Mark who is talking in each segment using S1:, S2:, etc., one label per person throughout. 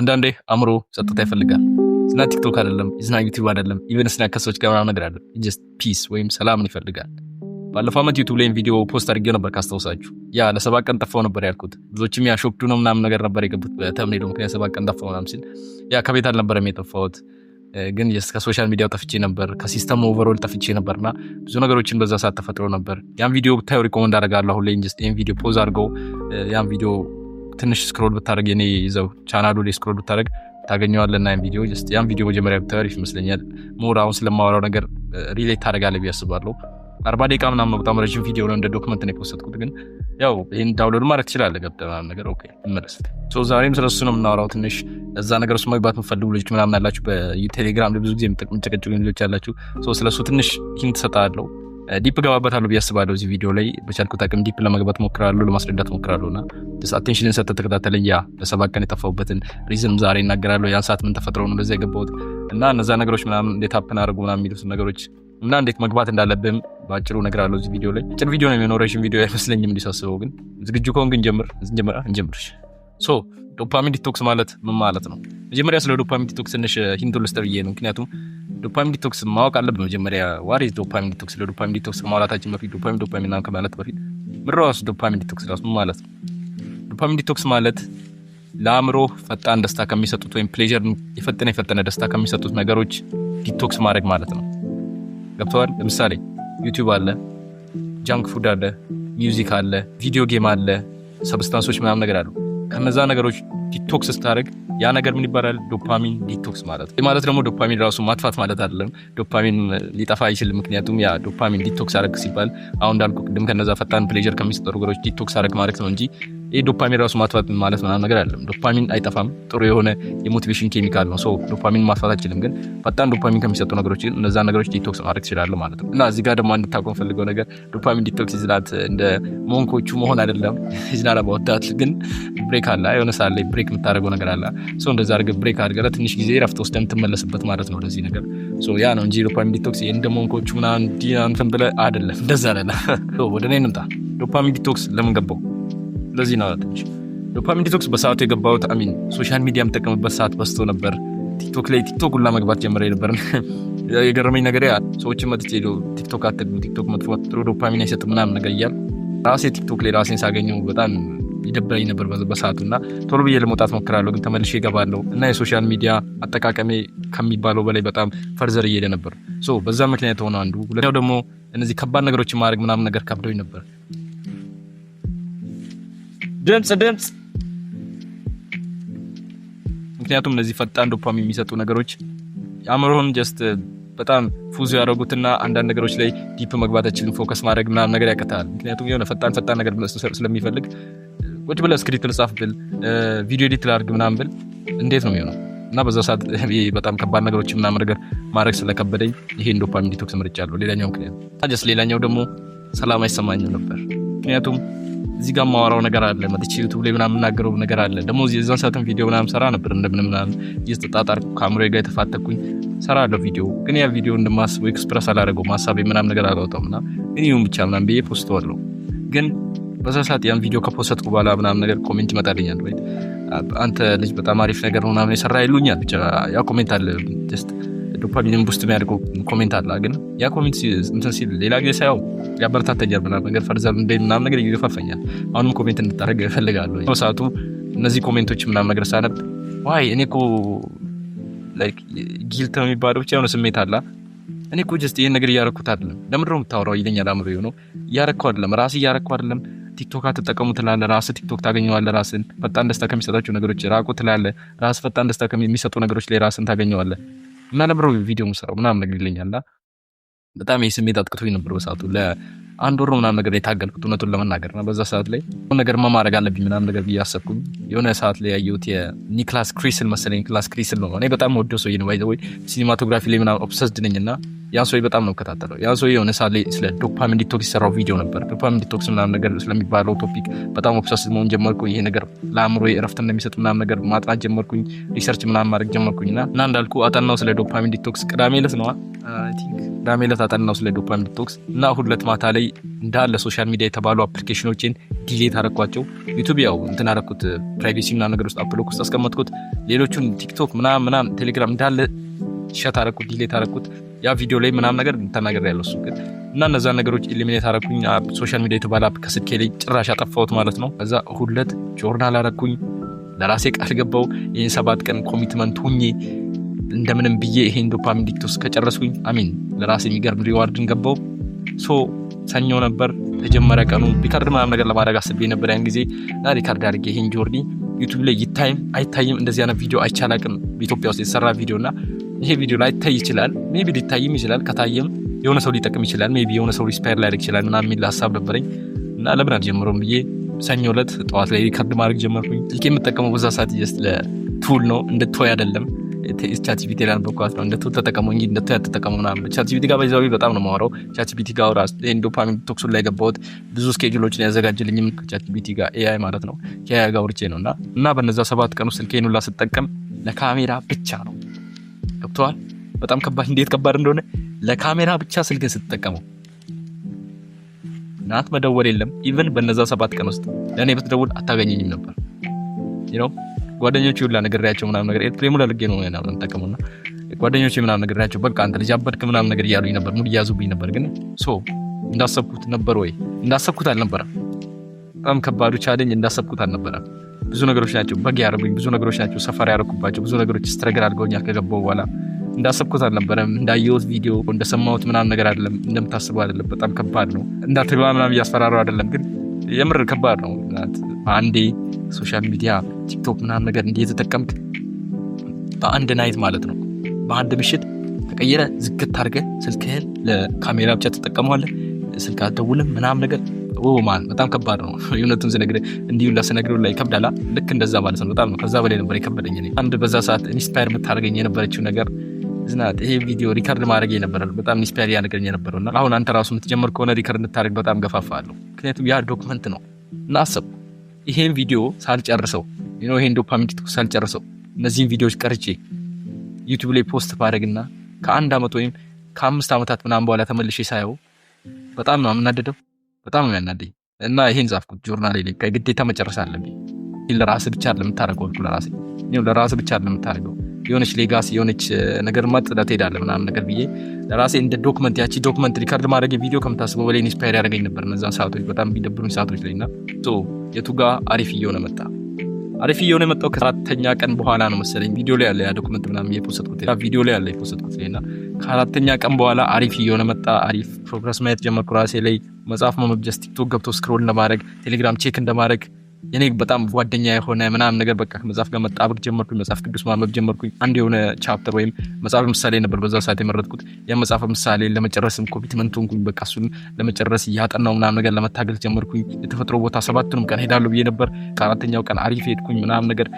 S1: አንዳንዴ አእምሮ ጸጥታ ይፈልጋል። ዝና ቲክቶክ አይደለም፣ ዝና ዩቲዩብ አይደለም፣ ኢቨን ስና ከሰዎች ጋር ምናምን ነገር አይደለም። ጀስት ፒስ ወይም ሰላምን ይፈልጋል። ባለፈው ዓመት ዩቱብ ላይም ቪዲዮ ፖስት አድርጌው ነበር ካስታውሳችሁ። ያ ለሰባት ቀን ጠፋው ነበር ያልኩት። ብዙዎችም ያ ሾክዱ ነው ምናምን ነገር ነበር የገቡት በተምኔዶ ምክንያት ሰባት ቀን ጠፋው ምናምን ሲል ያ ከቤት አልነበረም የጠፋሁት ግን ከሶሻል ሚዲያው ጠፍቼ ነበር፣ ከሲስተም ኦቨሮል ጠፍቼ ነበር እና ብዙ ነገሮችን በዛ ሰዓት ተፈጥሮ ነበር። ያን ቪዲዮ ብታዩ ሪኮመንድ አደርጋለሁ። አሁን ላይ ቪዲዮ ፖዝ አድርገው ያን ቪዲዮ ትንሽ ስክሮል ብታደረግ የኔ ይዘው ቻናሉ ላይ ስክሮል ብታደረግ ታገኘዋለ ና ቪዲዮ ያን ቪዲዮ መጀመሪያ ብታሪፍ ይመስለኛል። ሞር አሁን ስለማወራው ነገር ሪሌት ታደርጋለህ ብዬ አስባለሁ። አርባ ደቂቃ ምናምን ነው፣ በጣም ረዥም ቪዲዮ ነው። እንደ ዶክመንት ነው የወሰድኩት፣ ግን ያው ይህን ዳውንሎድ ማድረግ ትችላለ። ገብተህ ምናምን ነገር ኦኬ። ዛሬም ስለሱ ነው የምናወራው። ትንሽ እዛ ነገር ውስጥ መግባት የምትፈልጉ ልጆች ምናምን አላችሁ፣ በቴሌግራም ብዙ ጊዜ የምጨቀጭቁኝ ልጆች አላችሁ። ስለሱ ትንሽ ሂንት እሰጥሃለሁ። ዲፕ እገባበታለሁ ብዬ አስባለሁ። እዚህ ቪዲዮ ላይ በቻልኩት አቅም ዲፕ ለመግባት ሞክራሉ፣ ለማስረዳት ሞክራሉ እና አቴንሽንን ሰጥተህ ተከታተለኝ። ያ ለሰባት ቀን የጠፋሁበትን ሪዝንም ዛሬ ይናገራለሁ። ያን ሰዓት ምን ተፈጥሮ ነው ለዚያ የገባሁት እና እነዛ ነገሮች ምናምን እንዴት ሀፕን አድርጉ ምናምን የሚሉት ነገሮች እና እንዴት መግባት እንዳለብህም በአጭሩ እነግርሃለሁ። እዚህ ቪዲዮ ላይ አጭር ቪዲዮ ነው የሚሆነው፣ ረዥም ቪዲዮ አይመስለኝም እንዲሳስበው። ግን ዝግጁ ከሆንክ እንጀምር እንጀምር። ዶፓሚን ዲቶክስ ማለት ምን ማለት ነው? መጀመሪያ ስለ ዶፓሚን ዲቶክስ ትንሽ ሂንት ልስጥ ብዬ ነው። ምክንያቱም ዶፓሚን ዲቶክስ ማወቅ አለብን። መጀመሪያ ዋሬ ዶፓሚን ዲቶክስ፣ ስለ ዶፓሚን ዲቶክስ ከማውላታችን በፊት ዶፓሚን ዶፓሚን ከማለት በፊት ምራሱ ዶፓሚን ዲቶክስ ራሱ ማለት ነው። ዶፓሚን ዲቶክስ ማለት ለአእምሮ ፈጣን ደስታ ከሚሰጡት ወይም ፕሌዥር የፈጠነ የፈጠነ ደስታ ከሚሰጡት ነገሮች ዲቶክስ ማድረግ ማለት ነው። ገብተዋል። ለምሳሌ ዩቲዩብ አለ፣ ጃንክ ፉድ አለ፣ ሚውዚክ አለ፣ ቪዲዮ ጌም አለ፣ ሰብስታንሶች ምናምን ነገር አሉ። ከነዛ ነገሮች ዲቶክስ ስታደርግ ያ ነገር ምን ይባላል? ዶፓሚን ዲቶክስ ማለት ነው። ማለት ደግሞ ዶፓሚን ራሱ ማጥፋት ማለት አይደለም። ዶፓሚን ሊጠፋ አይችልም። ምክንያቱም ያ ዶፓሚን ዲቶክስ አረግ ሲባል አሁን እንዳልኩ ቅድም ከነዛ ፈጣን ፕሌዥር ከሚሰጠሩ ነገሮች ዲቶክስ አረግ ማለት ነው እንጂ ዶፓሚን ራሱ ማጥፋት ማለት ምናምን ነገር አለም ዶፓሚን አይጠፋም፣ ጥሩ የሆነ የሞቲቬሽን ኬሚካል ነው። ዶፓሚን ማጥፋት አይችልም፣ ግን ፈጣን ዶፓሚን ከሚሰጡ ነገሮች እነዛ ነገሮች ዲቶክስ ማድረግ ትችላለህ ማለት ነው። እና እዚህ ጋር ደግሞ እንድታቆም ፈልገው ነገር ዶፓሚን ዲቶክስ ይዝናት እንደ ሞንኮቹ መሆን አይደለም። ይዝናላ ባወዳት ግን ብሬክ አለ፣ የሆነ ሰዓት ላይ ብሬክ የምታደረገው ነገር አለ። እንደዛ አድርገህ ብሬክ አድርገህ ትንሽ ጊዜ ረፍት ወስደህ የምትመለስበት ማለት ነው። ለዚህ ነገር ያ ነው እንጂ ዶፓሚን ዲቶክስ እንደ ሞንኮቹ ምናምን እንትን ብለ አይደለም። እንደዛ አይደለም። ወደ ነ እንምጣ። ዶፓሚን ዲቶክስ ለምን ገባው? ለዚህ ነው ዶፓሚን ዲቶክስ በሰዓቱ የገባሁት አሚን ሶሻል ሚዲያ የምጠቀምበት ሰዓት በስቶ ነበር። ቲክቶክ ላይ ቲክቶክ ሁላ መግባት ጀምረ ነበር። የገረመኝ ነገር ያ ሰዎችን መጥቼ ቲክቶክ አትግቡ፣ ቲክቶክ መጥፎ ጥሩ ዶፓሚን አይሰጥም ምናምን ነገር እያል ራሴ ቲክቶክ ላይ ራሴን ሳገኘው በጣም ይደብረኝ ነበር በሰዓቱ እና ቶሎ ብዬ ለመውጣት ሞክራለሁ፣ ግን ተመልሼ ይገባለሁ እና የሶሻል ሚዲያ አጠቃቀሜ ከሚባለው በላይ በጣም ፈርዘር እየሄደ ነበር። በዛ ምክንያት ሆነ አንዱ። ሁለተኛው ደግሞ እነዚህ ከባድ ነገሮችን ማድረግ ምናምን ነገር ከብደኝ ነበር። ድምፅ ድምፅ ምክንያቱም እነዚህ ፈጣን ዶፓሚ የሚሰጡ ነገሮች አእምሮህን ጀስት በጣም ፉዞ ያደረጉትና አንዳንድ ነገሮች ላይ ዲፕ መግባት ችልን ፎከስ ማድረግ ምናምን ነገር ያቀታል ምክንያቱም የሆነ ፈጣን ፈጣን ነገር ስለሚፈልግ ቁጭ ብለ ስክሪፕት ልጻፍ ብል ቪዲዮ ኤዲት ላርግ ምናምን ብል እንዴት ነው የሚሆነው? እና በዛ ሰዓት በጣም ከባድ ነገሮች ምናምን ነገር ማድረግ ስለከበደኝ ይሄን ዶፓሚን ዲቶክስ ምርጫ አለው። ሌላኛው ምክንያት ሌላኛው ደግሞ ሰላም አይሰማኝም ነበር ምክንያቱም እዚህ ጋር ማወራው ነገር አለ፣ መጥቼ ዩቱብ ላይ ምናምን የምናገረው ነገር አለ። ደግሞ የዛን ሰዓትም ቪዲዮ ምናምን ሰራ ነበር እንደምን ምናምን እየተጣጣርኩ ከአእምሮዬ ጋር የተፋተኩኝ ሰራ አለው ቪዲዮ። ግን ያ ቪዲዮ እንደማስበው ኤክስፕረስ አላደረገው ማሳብ ምናምን ነገር አላወጣም ና እኔውም ብቻ ምናምን ብዬ ፖስት አለው ግን በዛ ሰዓት ያን ቪዲዮ ከፖስተትኩ በኋላ ምናምን ነገር ኮሜንት ይመጣልኛል ወይ አንተ ልጅ በጣም አሪፍ ነገር ምናምን የሰራ ይሉኛል። ብቻ ያ ኮሜንት አለ ስ ዶፓሚንን ቡስት የሚያደርገው ኮሜንት አለ። ግን ያ ኮሜንት እንትን ሲል ሌላ ጊዜ ሳያው ያበረታተኛል ምናምን ነገር ፈርዘር እንደ ምናምን ነገር ይገፋፈኛል። አሁንም ኮሜንት እንድታደርግ ይፈልጋሉ ሰዓቱ እነዚህ ኮሜንቶች ምናምን ነገር ሳነብ ዋይ እኔ ኮ ጊልት ነው የሚባለው ብቻ የሆነ ስሜት አላ እኔ ኮ ጀስት ይህን ነገር እያረኩት አይደለም፣ ለምንድነው የምታወራው ይለኛል አእምሮ የሆነው እያረኩ አይደለም፣ ራስ እያረኩ አይደለም ቲክቶክ አትጠቀሙ ትላለ ራስ ቲክቶክ ታገኘዋለ ራስን ፈጣን ደስታ ከሚሰጣቸው ነገሮች ራቁ ትላለ ራስ ፈጣን ደስታ ከሚሰጡ ነገሮች ላይ ራስን ታገኘዋለ እና ነበር ቪዲዮ ምሰራው ምናምን ነገር ይለኛል እና በጣም የስሜት ስሜት አጥቅቶኝ ነበር በሰዓቱ ለአንድ ወር ምናምን ነገር የታገልኩት እውነቱን ለመናገር እና በዛ ሰዓት ላይ ነገር ማድረግ አለብኝ ምናምን ነገር ብዬ አሰብኩኝ። የሆነ ሰዓት ላይ ያየሁት የኒክላስ ክሪስል መሰለኝ ኒክላስ ክሪስል ነው። እኔ በጣም ወደው ሰው ሲኒማቶግራፊ ላይ ምናምን ኦብሰስድ ነኝ እና ያ ሰውዬ በጣም ነው ከታተለው። ያ ሰውዬ የሆነ ሳሌ ስለ ዶፓሚን ዲቶክስ የሰራው ቪዲዮ ነበር። ዶፓሚን ዲቶክስ ምናምን ነገር ስለሚባለው ቶፒክ በጣም ኦብሰስ መሆን ጀመርኩኝ። ይሄ ነገር ለአእምሮ እረፍት እንደሚሰጥ ምናምን ነገር ማጥናት ጀመርኩኝ። ሪሰርች ምናምን ማድረግ ጀመርኩኝ እና እና እንዳልኩ አጠናው ስለ ዶፓሚን ዲቶክስ ቅዳሜ ዕለት ነዋ ቅዳሜ ዕለት አጠናው ስለ ዶፓሚን ዲቶክስ እና እሑድ ዕለት ማታ ላይ እንዳለ ሶሻል ሚዲያ የተባሉ አፕሊኬሽኖችን ዲሌት አረኳቸው። ዩቱብ ያው እንትን አረኩት ፕራይቬሲ ምናምን ነገር ውስጥ አፕሎክ ውስጥ አስቀመጥኩት። ሌሎቹን ቲክቶክ ምናምን ምናምን ቴሌግራም እንዳለ ሸት አረኩት፣ ዲሌት አረኩት። ያ ቪዲዮ ላይ ምናምን ነገር ተናገር ያለው እሱ ግን እና እነዛን ነገሮች ኢሊሚኔት አረኩኝ። ሶሻል ሚዲያ የተባለ አፕ ከስልኬ ላይ ጭራሽ አጠፋሁት ማለት ነው። ከዛ ሁለት ጆርናል አረኩኝ። ለራሴ ቃል ገባው ይህን ሰባት ቀን ኮሚትመንት ሁኜ እንደምንም ብዬ ይሄን ዶፓሚን ዲክቶስ ከጨረስኩኝ አሚን ለራሴ የሚገርም ሪዋርድን ገባው። ሶ ሰኞ ነበር ተጀመረ ቀኑ። ሪካርድ ምናምን ነገር ለማድረግ አስቤ ነበር ያን ጊዜ እና ሪካርድ አድርጌ ይሄን ጆርኒ ዩቱብ ላይ ይታይም አይታይም እንደዚህ አይነት ቪዲዮ አይቻላቅም በኢትዮጵያ ውስጥ የተሰራ ቪዲዮ እና ይሄ ቪዲዮ ላይ ታይ ይችላል፣ ሜቢ ሊታይም ይችላል። ከታየም የሆነ ሰው ሊጠቅም ይችላል፣ ሜቢ የሆነ ሰው ሪስፓየር ሊያደርግ ይችላል ምናምን የሚል ሀሳብ ነበረኝ እና ለምን አልጀምረውም ብዬ ሰኞ ዕለት ጠዋት ላይ ሪከርድ ማድረግ ጀመርኩኝ። ስልክ የምጠቀመው በዛ ሰዓት ጀስት ለቱል ነው እንደ ቶይ አይደለም። ቻትጂፒቲ ላይ በኳት ነው እንደ ቱል ተጠቀሙ እንጂ እንደ ቶይ አትጠቀሙ ምናምን። ቻትጂፒቲ ጋር በዛ በጣም ነው የማወራው። ቻትጂፒቲ ጋር አውራ ዶፓሚን ቶክሱን ላይ ገባሁት። ብዙ ስኬጁሎችን ያዘጋጅልኝም ከቻትጂፒቲ ጋር ኤአይ ማለት ነው። ከኤአይ ጋር አውርቼ ነው እና እና በነዛ ሰባት ቀን ውስጥ ስልኬን ሁላ ስጠቀም ለካሜራ ብቻ ነው ሰጥተዋል። በጣም ከባድ እንዴት ከባድ እንደሆነ ለካሜራ ብቻ ስልክ ስትጠቀመው ናት መደወል የለም። ኢቨን በነዛ ሰባት ቀን ውስጥ ለእኔ ብትደውል አታገኘኝም ነበር። ነው ጓደኞች ሁላ ነግሬያቸው ምናም ነገር ኤርትሬ ሙላ ልጌ ነው ጠቀሙና ጓደኞች ምናም ነገር ያቸው በቃ አንተ ልጅ አበድክ ምናም ነገር እያሉኝ ነበር። ሙድ እያዙብኝ ነበር። ግን ሶ እንዳሰብኩት ነበር ወይ እንዳሰብኩት አልነበረም። በጣም ከባዱ ቻለኝ እንዳሰብኩት አልነበረም። ብዙ ነገሮች ናቸው በግ ያደረጉኝ፣ ብዙ ነገሮች ናቸው ሰፈር ያደረኩባቸው፣ ብዙ ነገሮች ስትረግል አድርገውኛል። ከገባው በኋላ እንዳሰብኩት አልነበረም። እንዳየሁት ቪዲዮ እንደሰማሁት ምናምን ነገር አይደለም፣ እንደምታስበው አይደለም። በጣም ከባድ ነው። እንዳትግባ ምናም እያስፈራረው አይደለም፣ ግን የምር ከባድ ነው። አንዴ ሶሻል ሚዲያ ቲክቶክ ምናም ነገር እንዲህ የተጠቀምክ በአንድ ናይት ማለት ነው በአንድ ምሽት ተቀየረ ዝግት አድርገህ ስልክህል ለካሜራ ብቻ ትጠቀመዋለ ስልክ አልደውልም ምናም ነገር ማን በጣም ከባድ ነው። የእውነቱን ስነግር እንዲሁ ስነግር ላይ ይከብዳል። ልክ እንደዛ ማለት ነው። በጣም ነው። ከዛ በላይ ነበር የከበደኝ። አንድ በዛ ሰዓት ኢንስፓየር የምታደርገኝ የነበረችው ነገር ዝናት ይሄ ቪዲዮ ሪከርድ ማድረግ የነበረ በጣም ኢንስፓየር ያነገረኝ የነበረው እና አሁን አንተ ራሱ የምትጀምር ከሆነ ሪከርድ እንድታደርግ በጣም ገፋፋለሁ። ምክንያቱም ያ ዶክመንት ነው እና አሰብ ይሄን ቪዲዮ ሳልጨርሰው ይሄን ዶፓሚን ሳልጨርሰው እነዚህን ቪዲዮዎች ቀርጬ ዩቱብ ላይ ፖስት ባደረግና ከአንድ ዓመት ወይም ከአምስት ዓመታት ምናምን በኋላ ተመልሼ ሳየው በጣም ነው የምናደደው። በጣም ነው ያናደኝ እና ይሄን ጻፍኩት ጆርናሌ ላይ ግዴታ መጨረሻ አለብኝ። ለራስ ብቻ ለምታደርገው ልኩ ለራስ ለራስ ብቻ ለምታደርገው የሆነች ሌጋሲ የሆነች ነገር ማ ሄዳለ ምናምን ነገር ብዬ ለራሴ እንደ ዶክመንት ያቺ ዶክመንት ሪካርድ ማድረግ ቪዲዮ ከምታስበው በላይ ኢንስፓየር ያደረገኝ ነበር እነዛን ሰዓቶች፣ በጣም የሚደብሩኝ ሰዓቶች ላይ እና የቱጋ አሪፍ እየሆነ መጣ። አሪፍ እየሆነ የመጣው ከአራተኛ ቀን በኋላ ነው መሰለኝ። ቪዲዮ ላይ ያለ ያ ዶክመንት ምናም የፖስትኩት ቪዲዮ ላይ ያለ የፖስትኩት እና ከአራተኛ ቀን በኋላ አሪፍ እየሆነ መጣ። አሪፍ ፕሮግረስ ማየት ጀመርኩ ራሴ ላይ መጽሐፍ መመብጀስ፣ ቲክቶክ ገብቶ ስክሮል እንደማድረግ፣ ቴሌግራም ቼክ እንደማድረግ የኔ በጣም ጓደኛ የሆነ ምናምን ነገር በቃ መጽሐፍ ጋር መጣበቅ ጀመርኩኝ። መጽሐፍ ቅዱስ ማመብ ጀመርኩኝ። አንድ የሆነ ቻፕተር ወይም መጽሐፍ ምሳሌ ነበር በዛ ሰዓት የመረጥኩት። ያ መጽሐፍ ምሳሌ ለመጨረስም ኮሚትመንት ሆንኩኝ። በቃ እሱን ለመጨረስ እያጠናው ምናምን ነገር ለመታገል ጀመርኩኝ። የተፈጥሮ ቦታ ሰባቱንም ቀን ሄዳለሁ ብዬ ነበር። ከአራተኛው ቀን አሪፍ ሄድኩኝ ምናምን ነገር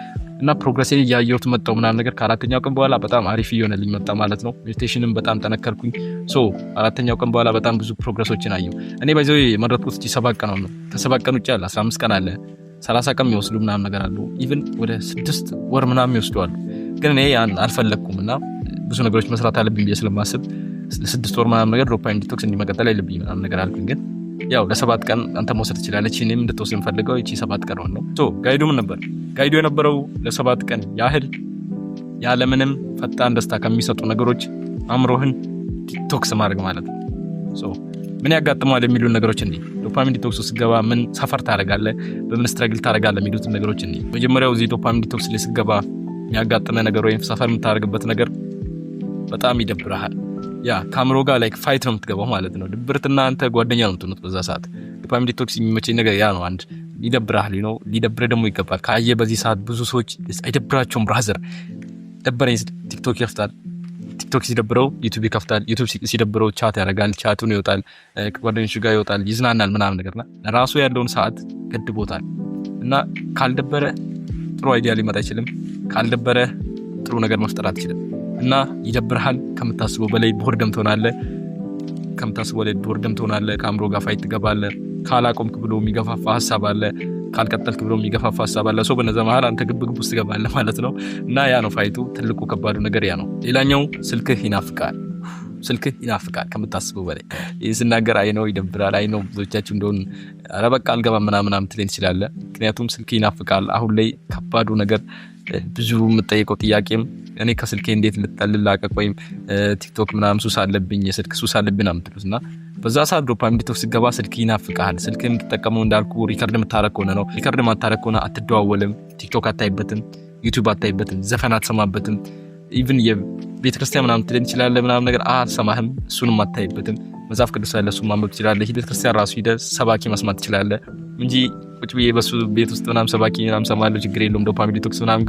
S1: እና ፕሮግረሴን እያየሁት መጣው ምናምን ነገር ከአራተኛው ቀን በኋላ በጣም አሪፍ እየሆነልኝ መጣ ማለት ነው። ሜዲቴሽንም በጣም ጠነከርኩኝ። ሶ አራተኛው ቀን በኋላ በጣም ብዙ ፕሮግረሶችን አየሁ። እኔ በዚ የመረጥኩት ሰባት ቀን ነው። ከሰባት ቀን ውጭ ያለ አስራ አምስት ቀን አለ፣ ሰላሳ ቀን የሚወስዱ ምናምን ነገር አሉ። ኢቨን ወደ ስድስት ወር ምናምን የሚወስዱ አሉ። ግን እኔ አልፈለግኩም እና ብዙ ነገሮች መስራት አለብኝ ብዬ ስለማስብ ስድስት ወር ምናምን ነገር ዶፓሚን ዲቶክስ እንዲመቀጠል አይልብኝ ምናምን ነገር አልኩኝ ግን ያው ለሰባት ቀን አንተ መውሰድ ትችላለች። እኔም እንድትወስድ የምፈልገው ይቺ ሰባት ቀን ነው። ጋይዱም ነበር? ጋይዱ የነበረው ለሰባት ቀን ያህል ያለምንም ፈጣን ደስታ ከሚሰጡ ነገሮች አእምሮህን ዲቶክስ ማድረግ ማለት ነው። ምን ያጋጥመዋል የሚሉ ነገሮች እንዲህ ዶፓሚን ዲቶክስ ስገባ ምን ሰፈር ታደረጋለ፣ በምን ስትረግል ታደረጋለ የሚሉት ነገሮች እንዲህ መጀመሪያው እዚህ ዶፓሚን ዲቶክስ ላይ ስገባ የሚያጋጥመ ነገር ወይም ሰፈር የምታደርግበት ነገር በጣም ይደብረሃል። ያ ከአእምሮ ጋር ላይክ ፋይት ነው የምትገባው ማለት ነው። ድብርትና አንተ ጓደኛ ነው የምትሆኑት በዛ ሰዓት። ዶፓሚን ዲቶክስ የሚመቸኝ ነገር ያ ነው። አንድ ሊደብርህ ነው ሊደብርህ ደግሞ ይገባል። ካየ በዚህ ሰዓት ብዙ ሰዎች አይደብራቸውም። ብራዘር ደበረኝ ቲክቶክ ይከፍታል። ቲክቶክ ሲደብረው ዩቱብ ይከፍታል። ዩቱብ ሲደብረው ቻት ያደርጋል። ቻቱን ይወጣል፣ ከጓደኞቹ ጋር ይወጣል፣ ይዝናናል ምናምን ነገርና ራሱ ያለውን ሰዓት ገድቦታል። እና ካልደበረ ጥሩ አይዲያ ሊመጣ አይችልም። ካልደበረ ጥሩ ነገር መፍጠር አትችልም። እና ይደብርሃል። ከምታስበው በላይ ቦርደም ትሆናለህ። ከምታስበው በላይ ቦርደም ትሆናለህ። ከአእምሮ ጋር ፋይት ትገባለህ። ካላቆምክ ብሎ የሚገፋፋ ሀሳብ አለ። ካልቀጠልክ ብሎ የሚገፋፋ ሀሳብ አለ። ሰው በነዛ መሀል አንተ ግብግብ ውስጥ ትገባለ ማለት ነው። እና ያ ነው ፋይቱ። ትልቁ ከባዱ ነገር ያ ነው። ሌላኛው ስልክህ ይናፍቃል። ስልክህ ይናፍቃል ከምታስበው በላይ። ይህ ስናገር አይ ነው ይደብራል። አይ ነው ብዙዎቻችሁ እንደሆን ኧረ አልገባ አልገባም ምናምን ትለኝ ትችላለህ። ምክንያቱም ስልክ ይናፍቃል። አሁን ላይ ከባዱ ነገር ብዙ የምጠይቀው ጥያቄም እኔ ከስልኬ እንዴት ልላቀቅ ወይም ቲክቶክ ምናምን ሱስ አለብኝ የስልክ ሱስ አለብኝ ምትሉት እና በዛ ሰዓት ዶፓሚን ዲቶክስ ሲገባ ስልክ ይናፍቃል። ስልክ የምትጠቀመው እንዳልኩ ሪከርድ የምታረግ ከሆነ ነው። ሪከርድ የማታረግ ከሆነ አትደዋወልም፣ ቲክቶክ አታይበትም፣ ዩቱብ አታይበትም፣ ዘፈን አትሰማበትም። ኢቭን የቤተክርስቲያን ምናምን ትደን ይችላለ ምናምን ነገር አልሰማህም፣ እሱንም አታይበትም። መጽሐፍ ቅዱስ ያለ እሱ ማንበብ ትችላለህ። ቤተክርስቲያን ራሱ ሂደህ ሰባኪ መስማት ትችላለህ እንጂ ቁጭ ብዬ በሱ ቤት ውስጥ ምናም ሰባኪ ምናም ሰማለሁ። ችግር የለውም ዶፓሚን ዲቶክስ ምናም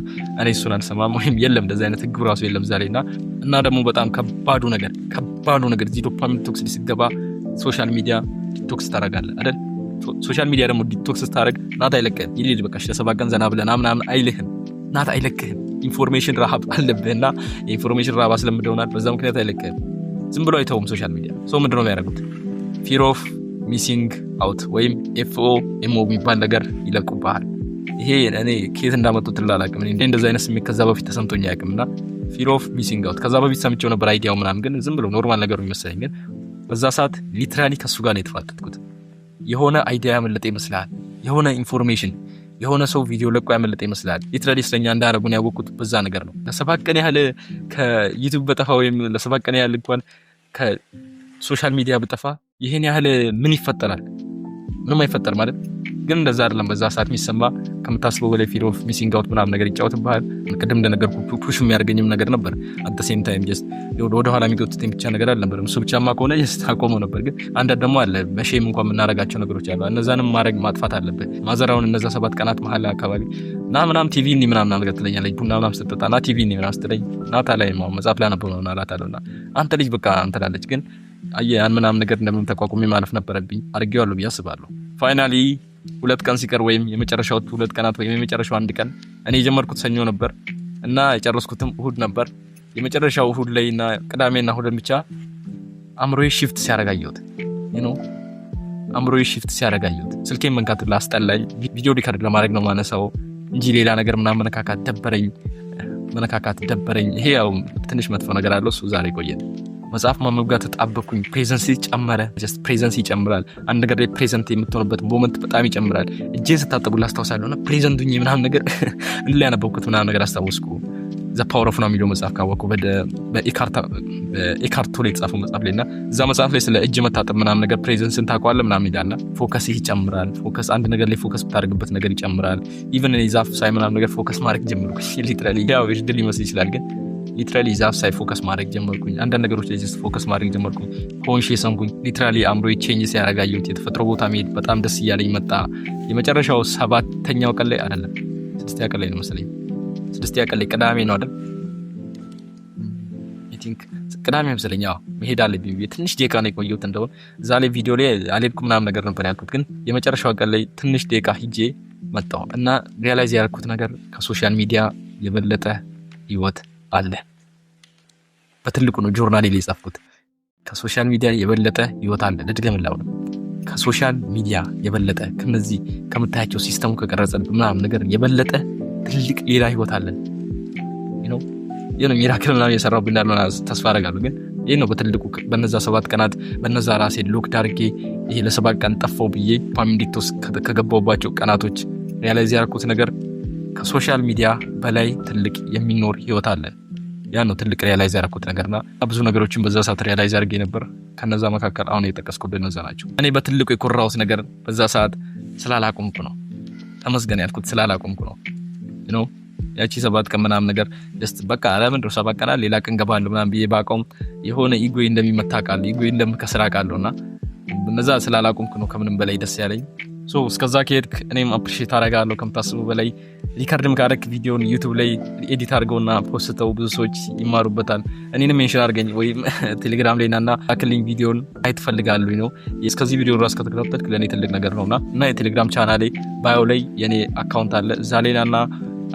S1: እኔ እሱን አልሰማም ወይም የለም እንደዚህ አይነት ህግ ራሱ የለም እዛ ላይ እና እና ደግሞ በጣም ከባዱ ነገር ከባዱ ነገር እዚህ ዶፓሚን ዲቶክስ ሲገባ ሶሻል ሚዲያ ዲቶክስ ታደርጋለህ አይደል? ሶሻል ሚዲያ ደግሞ ዲቶክስ ስታደርግ ናት አይለቅህም። ይልል በቃ ለሰባ ቀን ዘና ብለና ምናምን አይልህም። ናት አይለቅህም። ኢንፎርሜሽን ረሃብ አለብህ እና የኢንፎርሜሽን ረሃብ አስለምደውናል። በዛ ምክንያት አይለቅህም። ዝም ብሎ አይተውም ሶሻል ሚዲያ ሰው ምንድነው የሚያደርጉት ፊር ኦፍ ሚሲንግ አውት ወይም ኤፍኦ ኤምኦ የሚባል ነገር ይለቁብሃል። ይሄ እኔ ከየት እንዳመጡት ላላቅም እ እንደዚ አይነት ስሜት ከዛ በፊት ተሰምቶኝ አያውቅም። እና ፊር ኦፍ ሚሲንግ አውት ከዛ በፊት ሰምቼው ነበር አይዲያው ምናምን፣ ግን ዝም ብሎ ኖርማል ነገሩ ይመስለኝ። ግን በዛ ሰዓት ሊትራሊ ከሱ ጋር ነው የተፋጠጥኩት። የሆነ አይዲያ ያመለጠ ይመስላል የሆነ ኢንፎርሜሽን የሆነ ሰው ቪዲዮ ለቆ ያመለጠ ይመስላል። ሊትራሊ ስለኛ እንዳረጉን ያወቁት በዛ ነገር ነው። ለሰባት ቀን ያህል ከዩቱብ በጠፋ ወይም ለሰባት ቀን ያህል እንኳን ሶሻል ሚዲያ ብጠፋ ይህን ያህል ምን ይፈጠራል? ምንም አይፈጠር ማለት ግን እንደዛ አይደለም። በዛ ሰዓት የሚሰማ ከምታስበው በላይ ፊል ኦፍ ሚሲንግ አውት ምናምን ነገር ይጫወትብሃል። ቅድም እንደነገርኩ ፑሽ የሚያደርገኝም ነገር ነበር። አት ሴም ታይም ጀስት ወደኋላ የሚጎትተኝ ብቻ ነገር አልነበር እሱ ብቻማ ከሆነ ጀስት አቆመው ነበር። ግን አንዳንድ ደግሞ አለ መሼም እንኳ የምናደርጋቸው ነገሮች አሉ። እነዛንም ማድረግ ማጥፋት አለብህ። ማዘራውን እነዛ ሰባት ቀናት መሀል አካባቢ ና ምናም ቲቪ እኔ ምናምን ነገር ትለኛለች። ቡና ምናም ስጠጣ ና ቲቪ እኒ ምናም ስትለኝ ናታ ላይ መጽሐፍ ላይ ነበር ምናምን እላታለሁ። አንተ ልጅ በቃ አንተላለች ግን ያን ምናምን ነገር እንደምንም ተቋቁሜ ማለፍ ነበረብኝ። አድርጌዋለሁ ብዬ አስባለሁ። ፋይናሊ ሁለት ቀን ሲቀር ወይም የመጨረሻው ሁለት ቀናት ወይም የመጨረሻው አንድ ቀን እኔ የጀመርኩት ሰኞ ነበር እና የጨረስኩትም እሁድ ነበር። የመጨረሻው እሁድ ላይ እና ቅዳሜና እሁድን ብቻ አእምሮዬ ሺፍት ሲያረጋየሁት ነው አእምሮዬ ሺፍት ሲያረጋየሁት ስልኬን መንካት ላስጠላኝ፣ ቪዲዮ ሪካርድ ለማድረግ ነው ማነሳው እንጂ ሌላ ነገር ምናምን መነካካት ደበረኝ። መነካካት ደበረኝ። ይሄ ያው ትንሽ መጥፎ ነገር አለው እሱ ዛሬ ቆየን። መጽሐፍ ማንበብ ጋር ተጣበኩኝ። ፕሬዘንስ ጨመረ። ፕሬዘንስ ይጨምራል። አንድ ነገር ላይ ፕሬዘንት የምትሆንበት ሞመንት በጣም ይጨምራል። እጄን ስታጠቡ ላስታውሳለሁ እና ፕሬዘንቱ ምናምን ነገር እንላ ያነበብኩት ምናምን ነገር አስታወስኩ። ዘ ፓወር ኦፍ ናው የሚለው መጽሐፍ ካወቅኩ በኢካርቶ ላይ የተጻፈው መጽሐፍ ላይ እና እዛ መጽሐፍ ላይ ስለ እጅ መታጠብ ምናምን ነገር ፕሬዘንስን ታውቀዋለህ ምናምን ይላልና ፎከስ ይህ ይጨምራል። ፎከስ አንድ ነገር ላይ ፎከስ ብታደርግበት ነገር ይጨምራል። ኢቨን ዛፍ ሳይ ምናምን ነገር ፎከስ ማድረግ ጀምሩ። ሊትራሊ ያው ድል ሊመስል ይችላል ግን ሊትራሊ ዛፍ ሳይ ፎከስ ማድረግ ጀመርኩኝ። አንዳንድ ነገሮች ላይ ፎከስ ማድረግ ጀመርኩኝ። ሆንሽ የሰንኩኝ ሊትራሊ አእምሮ ቼንጅ ሲያረጋየት የተፈጥሮ ቦታ መሄድ በጣም ደስ እያለኝ መጣ። የመጨረሻው ሰባተኛው ቀን ላይ አደለም ስድስት ቀን ላይ ነው መስለኝ ስድስት ቀን ላይ ቅዳሜ ነው አደል ቅዳሜ መስለኛ መሄድ አለብኝ ትንሽ ደቃ ነው የቆየሁት። እንደውም እዛ ላይ ቪዲዮ ላይ አልሄድኩም ምናም ነገር ነበር ያልኩት፣ ግን የመጨረሻው ቀን ላይ ትንሽ ደቃ ሂጄ መጣው እና ሪያላይዝ ያደረኩት ነገር ከሶሻል ሚዲያ የበለጠ ህይወት አለ። በትልቁ ነው ጆርናሌ ላይ የጻፍኩት። ከሶሻል ሚዲያ የበለጠ ህይወት አለ። ልድገምላው ነው ከሶሻል ሚዲያ የበለጠ ከነዚህ ከምታያቸው ሲስተሙ ከቀረጸ ምናምን ነገር የበለጠ ትልቅ ሌላ ህይወት አለ። ሚራክል ምናምን የሰራው ብላለ ተስፋ አደርጋለሁ። ግን ይህ ነው በትልቁ በነዛ ሰባት ቀናት በነዛ ራሴ ሎክ አድርጌ ይሄ ለሰባት ቀን ጠፋው ብዬ ፓሚሊክቶስ ከገባሁባቸው ቀናቶች ሪያላይዝ ያደረኩት ነገር ከሶሻል ሚዲያ በላይ ትልቅ የሚኖር ህይወት አለ። ያ ነው ትልቅ ሪያላይዝ ያደረኩት ነገርና ብዙ ነገሮችን በዛ ሰዓት ሪያላይዝ አድርጌ ነበር። ከነዛ መካከል አሁን የጠቀስኩት እነዛ ናቸው። እኔ በትልቁ የኮራሁት ነገር በዛ ሰዓት ስላላቆምኩ ነው። ተመስገን ያልኩት ስላላቆምኩ ነው ነው ያቺ ሰባት ቀን ምናምን ነገር ደስ በቃ ለምን ሰባት ቀናል ሌላ ቀን ገባለሁ ምናምን ብዬ ባቀውም የሆነ ኢጎይ እንደሚመታ ቃል ኢጎይ እንደምከስራ ቃለሁ እና እነዛ ስላላቆምኩ ነው ከምንም በላይ ደስ ያለኝ። እስከዛ ከሄድክ እኔም አፕሪሼት አረጋለሁ ከምታስቡ በላይ ሪከርድም ካደረክ ቪዲዮን ዩቱብ ላይ ኤዲት አድርገውና ፖስተው ብዙ ሰዎች ይማሩበታል። እኔንም ሜንሽን አድርገኝ ወይም ቴሌግራም ላይ ናና አክልኝ ቪዲዮን አይት ፈልጋለሁ ነው። እስከዚህ ቪዲዮ ራስ ከተከታተልክ ለእኔ ትልቅ ነገር ነውና እና የቴሌግራም ቻና ላይ ባዮ ላይ የእኔ አካውንት አለ እዛ ላይ ናና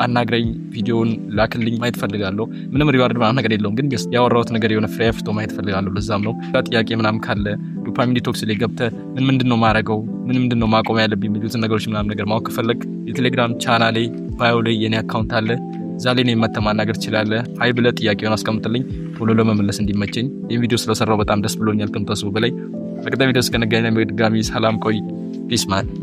S1: አናግረኝ፣ ቪዲዮውን ላክልኝ፣ ማየት ፈልጋለሁ። ምንም ሪዋርድ ምናምን ነገር የለውም፣ ግን ያወራሁት ነገር የሆነ ፍሬ አፍርቶ ማየት ፈልጋለሁ። ለዛም ነው ጥያቄ ምናምን ካለ ዶፓሚን ዲቶክስ ላይ ገብተህ ምን ምንድን ነው ማረገው፣ ምን ምንድን ነው ማቆም ያለብኝ የሚሉትን ነገሮች ምናምን ነገር ማወቅ ከፈለግ የቴሌግራም ቻና ላይ ባዮ ላይ የኔ አካውንት አለ። እዛ ላይ እኔን መተህ ማናገር ትችላለህ። ሀይ ብለህ ጥያቄውን አስቀምጥልኝ ቶሎ ለመመለስ እንዲመቸኝ። ይህም ቪዲዮ ስለሰራው በጣም ደስ ብሎኛል፣ ከምታስቡ በላይ። በቀጣይ ቪዲዮ እስከነገናኝ በድጋሚ ሰላም ቆይ። ፒስ ማን